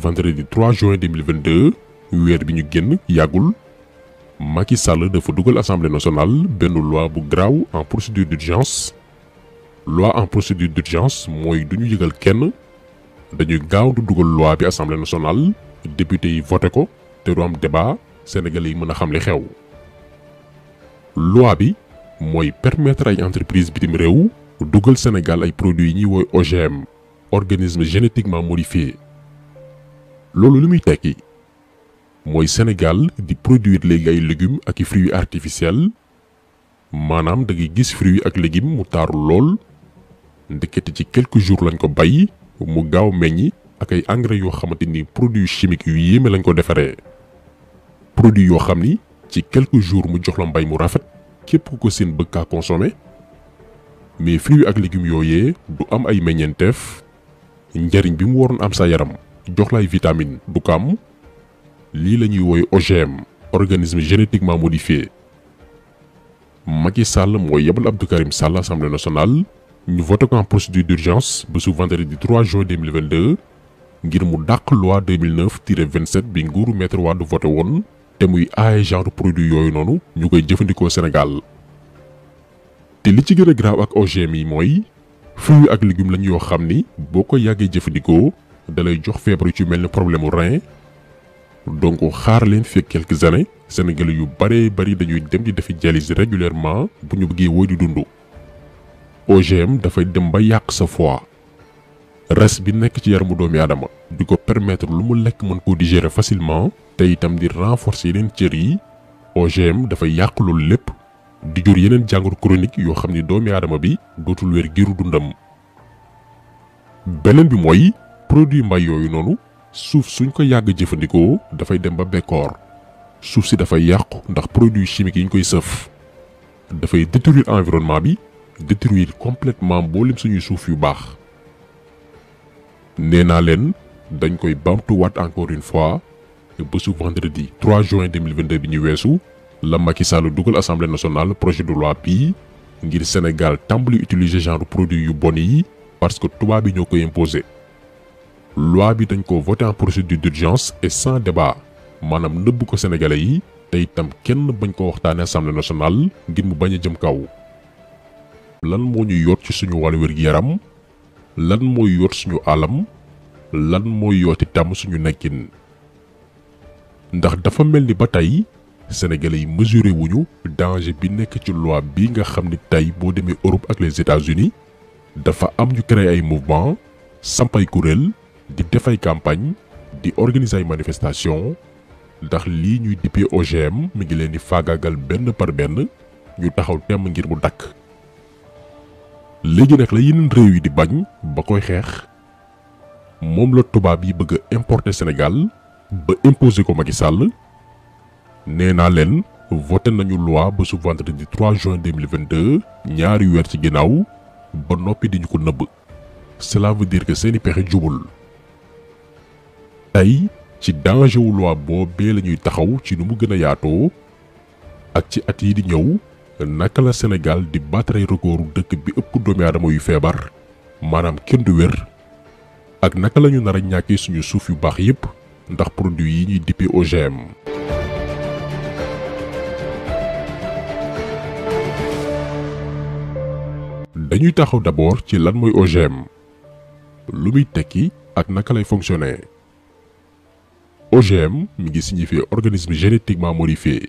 vendredi 3 juin 2022 weer bi ñu génn yàggul Macky Sall assemblée nationale benn loi bu en procédure d'urgence loi en procédure d'urgence moy duñu ñu yëgal kenn du loi bi assemblée nationale député yi voté ko té du débat sénégalais yi mëna xam li xew. loi bi moy permettre ay entreprises bitim réew Sénégal ay produits yi ñi woy OGM organisme génétiquement modifié lolu li muy tekki moy Sénégal di produire les gay légumes ak fruits artificiels manam da gis fruits ak légumes mu taaru lol ndekete ci quelques jours lañ ko bay mu gaaw meññi ak ay engrais yo xamanteni ni produits chimiques yu yéeme lañ ko defaree produits yo xamni ci quelques jours mu jox la mbay mu rafet képp ku ko seen bëgg consommer mais fruits ak légumes yooyee du am ay meññeenteef njariñ bi mu waroon am sa yaram jox vitamines vitamine du kam li lañuy woy OGM organisme génétiquement modifié Macky Sall mooy Abdoukarim Abdou Sall assemblée nationale ñu voté en procédure d'urgence le vendredi 3 juin 2022 ngir mu loi 2009-27 bi nguuru maître Wade voté won té muy ay e genre produit yooyu noonu ñu koy Sénégal té li ci grave ak OGM yi moy fruits ak légumes lañ ni dalay jox feebar yu ci mel ni problème mu rein donc xaar leen fii quelques années sénégalais yu bëree bëri dañuy dem di defi dialyse régulièrement bu ñu bëggee woy di dund. OGM dafay dem ba yàq sa fois res bi nekk ci yaramu doomi aadama di ko permettre lu mu lekk mën koo digérer facilement te itam di renforcer yeneen cër yi OGM dafay yàq loolu lépp di jur yeneen jàngoro chronique yoo xam ni doomi aadama bi dootul wér giiru dundam beneen bi mooy. produit mbay yooyu noonu suñ ko jëfëndiko da fay dem ba souf ci da fay yàqu ndax produit chimique yi ñu koy da fay détruire environnement bi détruire complètement bolim suñu souf yu bax nee naa leen dañ koy wat encore une fois bésu vendredi 3 juin 2022 bi ñu wessu la Macky Sall dugal assemblée nationale projet de loi bii ngir Sénégal tàmbali utiliser genre produit yu bon yi parce que tubaab bi ñoko imposer imposé loi bi dañ ko voté en procédure d'urgence et sans débat manam neub ko sénégalais yi te itam kenn bañ ko waxtané assemblée nationale ngir mu baña jëm kaw. lan moo ñu ci suñu wàllu gi yaram lan mooy yoot suñu alam lan mooy yoti tam suñu nekkin ndax dafa melni ni ba tey sénégalais yi mesuré wuñu danger bi nekk ci loi bi nga xamni tay bo démé Europe ak les États-Unis dafa am ñu créer ay mouvement sampay kurel di defay campagne di organiser manifestation ndax li ñuy OGM mi ngi par benn ñu taxaw ngir mu dakk léegi nag la yeneen réew yi di bañ ba koy xeex moom la bëgg Sénégal imposer ko Macky Sall voté nañu loi ba 3 juin 2022 ñaari weer ci ginnaaw ba noppi di ko cela veut dire que une pexe jubul. tay ci danger wu loi bobé lañuy taxaw ci numu gëna yaato ak ci at yi di ñëw nak la sénégal di battre record dëkk bi ëpp doomi aadama yu fébar manam kenn du wër ak nak lañu nara a ñàkkee suñu suuf yu bax yépp ndax produit yi ñuy dippee OGM dañuy taxaw d'abord ci lan moy OGM lu muy tekki ak naka lay fonctionner OGM signifie organisme génétiquement modifié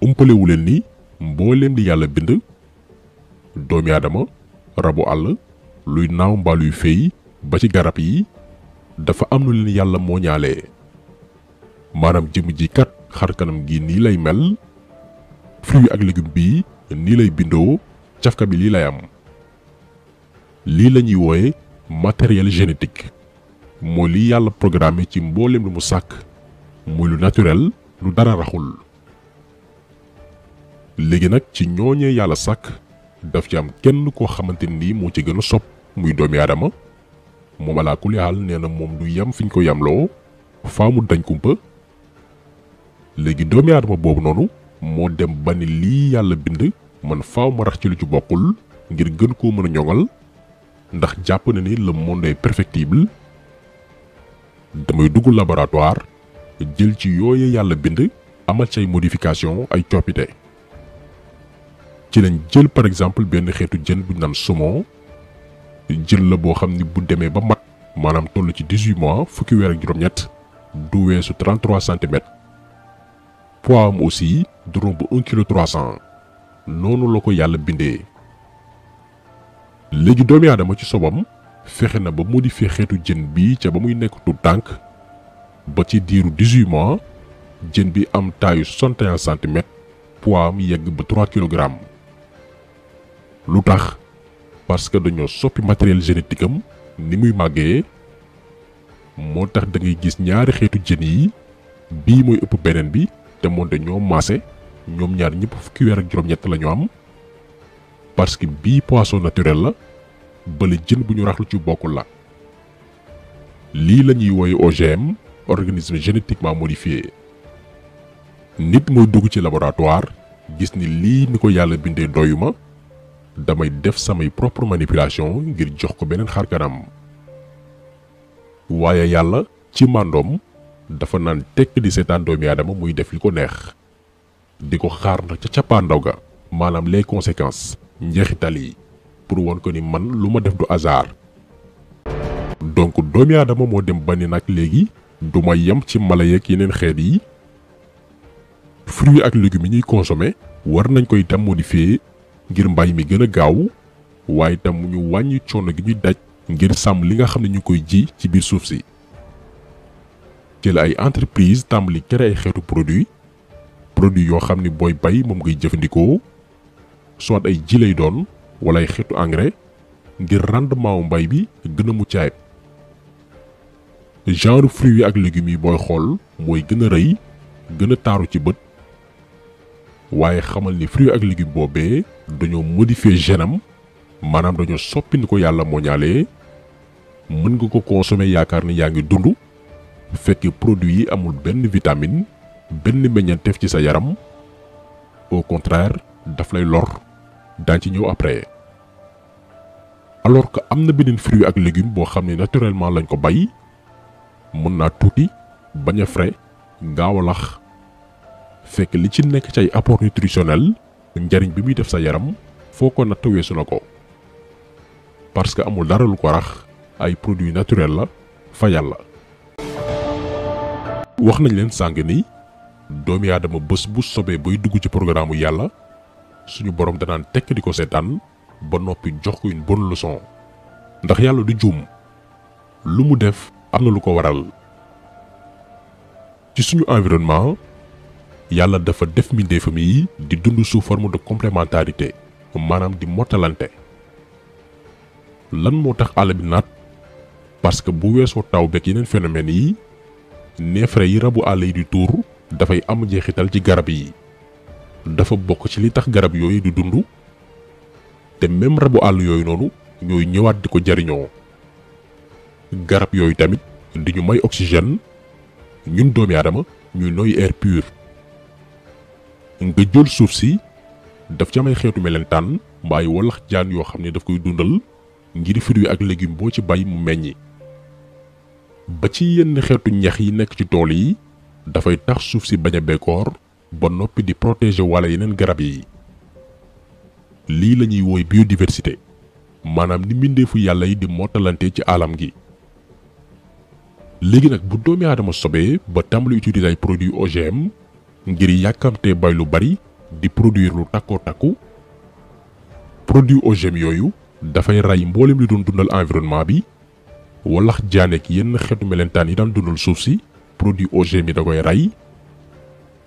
umpalewu leen ni mbooleem le yàlla bind doomi aadama rabu àll luy naaw luy ba ci dafa am nu leen yàlla moo ñaalee maanaam kat gi nii lay mel Fruits ak légumes, bi lay bi matériel génétique mooy lii yàlla programme ci mboolem lu mu sàkk muy lu naturel lu dara raxul léegi nag ci ñooñee yàlla sàkk daf ci am kenn koo xamante nii moo ci gën a sopp muy doomi aadama moom alaa kulli haal nee na moom du yam fi ñu ko yamloo faamu dañ kumpa léegi doomi aadama boobu noonu moo dem ba ni lii yàlla bind man faaw ma rax ci lu ci bokkul ngir gën koo mën a ñoŋal ndax jàpp na ni le monde est perfectible damay dugg laboratoire jël ci yooyu yàlla bind amal say modification ay coppite ci lañ jël par exemple benn xeetu jën bu ñu naan saumon jël la boo xam ni bu demee ba mat maanaam toll ci dix-huit mois fukki weer ak juróom-ñett du weesu trente-trois am aussi du romb un kilo trois noonu la ko yàlla bindee léegi doomi aadama ci sobam fexe na ba mu di modifier xeetu jën bi ca ba muy nekk tu tànk ba ci diiru 18 mois jën bi am taayu 61 centimètres poids am yegg ba 3 lu tax parce que dañoo soppi matériel génétique am ni muy màggee moo tax da ngay gis ñaari xeetu jën yi bii mooy ëpp beneen bi te moonte ñoo maase ñoom ñaar ñëpp fukki weer ak juróom-ñett la am parce que bii poisson naturel la ba la bu buñu raxlu ci bokkul la li lañuy OGM organisme génétiquement modifié nit moy dugg ci laboratoire gis ni li ni ko bindé doyuma damay def samay propre manipulation ngir jox ko benen xar kanam waaye yàlla ci mandom dafa nan tek di seetaan doomi aadama muy def liko ko neex diko xaar nag ca cappaandaw pandoga manam les conséquences pour won ko ni man luma def du hasard donc domi adama mo dem bani nak legui duma yam ci mala yek yenen xet yi fruit ak légumes ni consommer war nañ koy tam modifier ngir mbay mi tam gaaw waye tam mu ñu wàññi coono gi ñu daj ngir sam li nga xamni ñu koy ji ci bir souf ci jël ay entreprise tàmbali ay produit produit yo xamni boy bay mom ngay jëfëndiko soit ay jilay doon wala ay xeetu engrais ngir rendement mbay bi gëna a mucc genre fruits ak légumes yi boy xol moy gëna très gëna taru ci bëtt waye xamal ni fruits ak légumes bobé dañoo modifier manam dañoo ko yalla sont mën ko consommer ni produit amul vitamine ci sa yaram au contraire daf lay lor. dañ ci ñëw après alors que amna benen fruit ak légume bo xamné naturellement lañ ko bayyi mën na tuuti baña frais gaaw fekk li ci nekk ci ay apport nutritionnel ndariñ bi muy def sa yaram foko na tawé parce que amul dara lu ko rax ay produit naturel la fa yalla wax nañ leen sang ni doomi adama bés bu sobee buy dugg ci programme yalla suñu borom danaan tekk di ko seetaan ba noppi jox ko une bonne leçon ndax yàlla di juum lu mu def am na lu ko waral ci suñu environnement yàlla dafa def mbindeefam yi di dund sous forme de complémentarité maanaam di mottalante lan moo tax àll bi naat parce que bu weesoo taw beeg yeneen phénomènes yi neefere yi rabu àll yi di tuur dafay am jeexital ci garab yi. dafa bok ci li tax garab yoy di dundu te même rabu all yoy nonu ñoy ñëwaat diko jariño garab yoy tamit di ñu may oxygène ñun doomi adama ñuy noy air pur nga jël suuf si daf ci amay xeetu melentaan bay walax jaan yoo xam daf koy dundal ngir fruit ak légume bo ci bay mu meññi ba ci yenn xéetu ñax yi nekk ci tool yi fay tax suuf si baña bekor ba noppi di protéger wala yeneen garab yi lii la ñuy wooy biodiversité maanaam ni mbindeefu yàlla yi di mottalante ci alam gi léegi nag bu doomi aadama sobee ba tàmbali utiliser ay produits OGM ngir yàkkamtee bay lu bari di produire lu takkoo takku produit OGM yooyu dafay rey mboolem li doon dundal environnement bi walax jaaneek yenn xeetu mellentaan yi daan dundal suuf si produit OGM yi da koy rey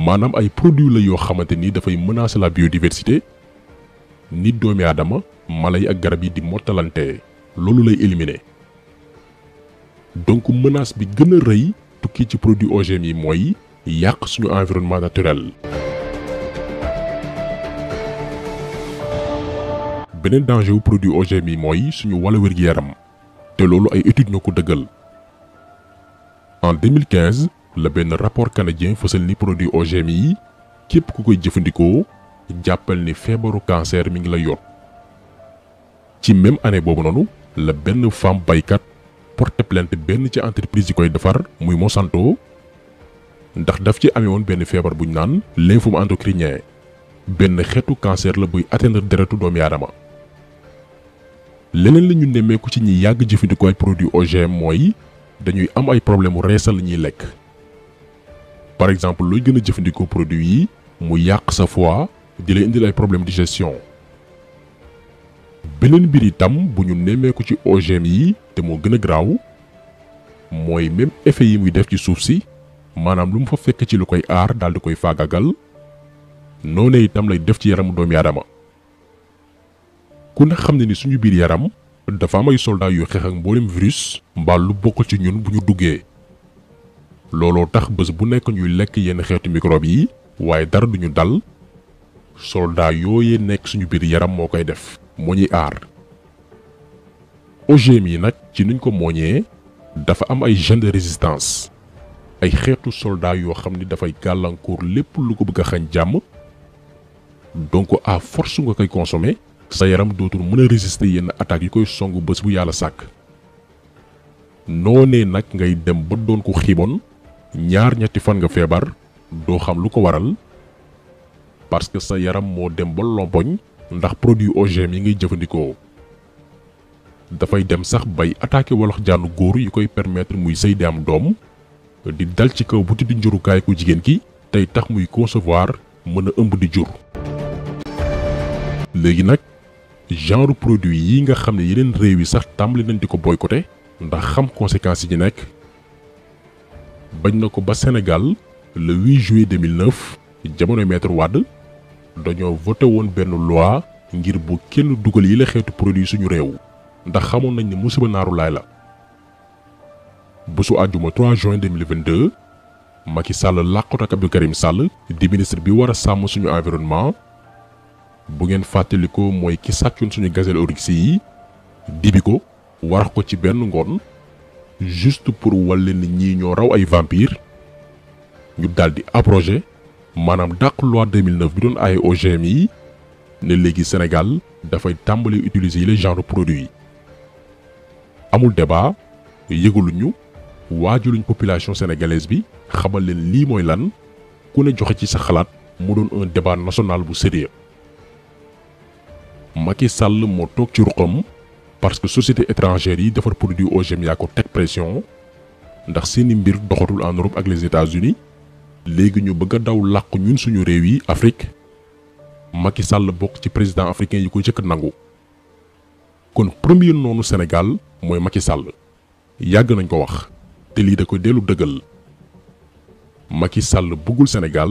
manam ay produits la yoo xamante ni dafay menacer la biodiversité nit doomi adama malay ak garab yi di mottalante loolu lay éliminer donc menace bi gëna reuy tukki ci produits OGM yi moy yàq suñu environnement naturel. benen danger wu produit OGM yi moy suñu wala wër gi yaram té loolu ay études ñoo dëggal en 2015 le ben rapport canadien fësal ni produit OGM yi képp ku koy jëfandikoo jàppal ni feebaru cancer mi ngi la yor ci même année boobu noonu la benn femme baykat porte plainte ben ci entreprise yi koy defar muy Monsanto ndax daf ci amee ben fièvre buñ nan ñu naan lymphome endocrinien benn xeetu cancer la buy atteindre deretu doomu aadama leneen li ñu ko ci ñi yàgg jëfandikoo ay produits OGM moy dañuy am ay problème mu reesal ñi ñuy lekk par exemple loy gëna a produit yi mu yaq sa foie di lay indi lay problème de digestion beneen mbir itam bu ñu ko ci OGM yi te mo gëna graw moy même effet yi muy def ci souf ci manam lu mu fa fekk ci lu koy aar daal di koy fagagal noné itam lay def ci yaramu doomi adama ku ne xamné ni suñu biir yaram dafa may soldat yu xex ak mboolem virus mbaa lu bokkul ci ñun bu ñu lolo tax bëss bu nekk ñuy lekk yeen xéetu microbe yi waaye dar duñu dal soldat nekk suñu bir yaram mo koy def mo ñi ar OGM yi nak ci nuñ ko moñé dafa am ay gènes de résistance ay xéetu soldat yo xamni ni fay galancour lepp lu ko bëgg xañ jamm donc à force nga koy consommer sa yaram dootul mëna résister yeen attaque yi koy songu bëss bu yalla sak noné nak ngay dem ba doon ko xiboon ñaar ñetti fan nga feebar doo xam lu ko waral parce que sa yaram moo dem ba lompoñ ndax produit OGM yi ngay jëfandikoo dafay dem sax bay attaqué wolox jaanu góor yu koy permettre muy sëy di am doom di dal ci kaw buti di njurukaay ku jigéen ki tey tax muy concevoir mën a ëmb di jur léegi nag genre produit yi nga xam ne yeneen réew yi sax tàmbali nañ di ko boycotté ndax xam conséquences yi ci nekk bañ na ba Sénégal le 8 juillet 2009 jamono maître Wad dañoo voté won benn loi ngir bu kenn dugal yi la xéttu produit suñu réew ndax xamoon nañ ne musiba naru laay la. bésu àjjuma 3 juin 2022 Macky Sall làqut ak Abdou Karim Sall di ministre bi wara a suñu environnement bu ngeen fateliko moy ki sàccoon suñu gazelle oryx yi dibiko ko warax ko ci benn ngone juste pour wàlle ni ñii ñoo raw ay vampires ñu daldi di manam maanaam loi 2009 bi done ay OGM yi ne léegi da fay tàmbali utiliser yi les genre produits amul débat yëgaluñu waajuluñ population sénégalaise bi xamal leen li moy lan ku ne joxe ci sa xalaat mu doon un débat national bu sérieux Macky Sall mo tok ci ruqam parce que société étrangère yi defar produit OGM yaa ko pression ndax seeni mbir doxatul en Europe ak les États-Unis légui ñu bëgg a daw làqu ñun suñu réew yi Afrique Macky Sall bok ci président africain yi ko jëk nangu kon premier nonu Sénégal moy Macky Sall yag nañ ko wax té li da ko délu dëggal Macky Sall bëggul Sénégal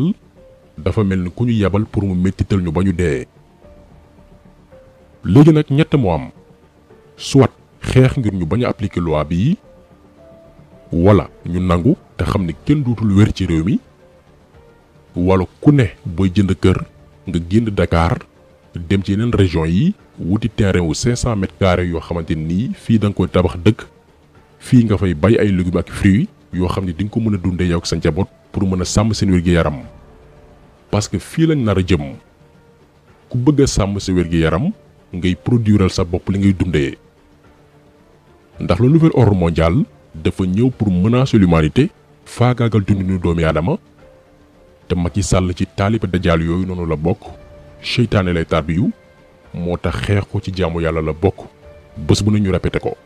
dafa melni ku ñu yabal pour mu méttital ñu bañu dé légui nak ñett mo am. soit xex ngir ñu baña appliquer loi bi wala ñu nangu te xamni kenn dootul wër ci réew mi wala ku ne boy jënd kër nga gënd Dakar dem ci yeneen région yi wuti terrain wu 500 mètres carrés yoo xamante ni fi da nga koy tabax dëkk fii nga fay bay ay légumes ak fruit yoo xam ne di nga ko mën a dundee yow ak sa njaboot pour mën a sàmm seen yaram parce que fii lañ nar a jëm ku bëgg a sàmm sa yaram ngay produiral sa bopp li ngay dundee ndax le nouvel moo mondial dafa ñëw pour menacer l'humanité faagaagal dundinu doomi aadama te Macky Sall ci taaliba dajaal yooyu noonu la bokk seytaane lay tarbiyu moo tax xeex ko ci jaamu yàlla la bokk bés bu ne ñu répété ko.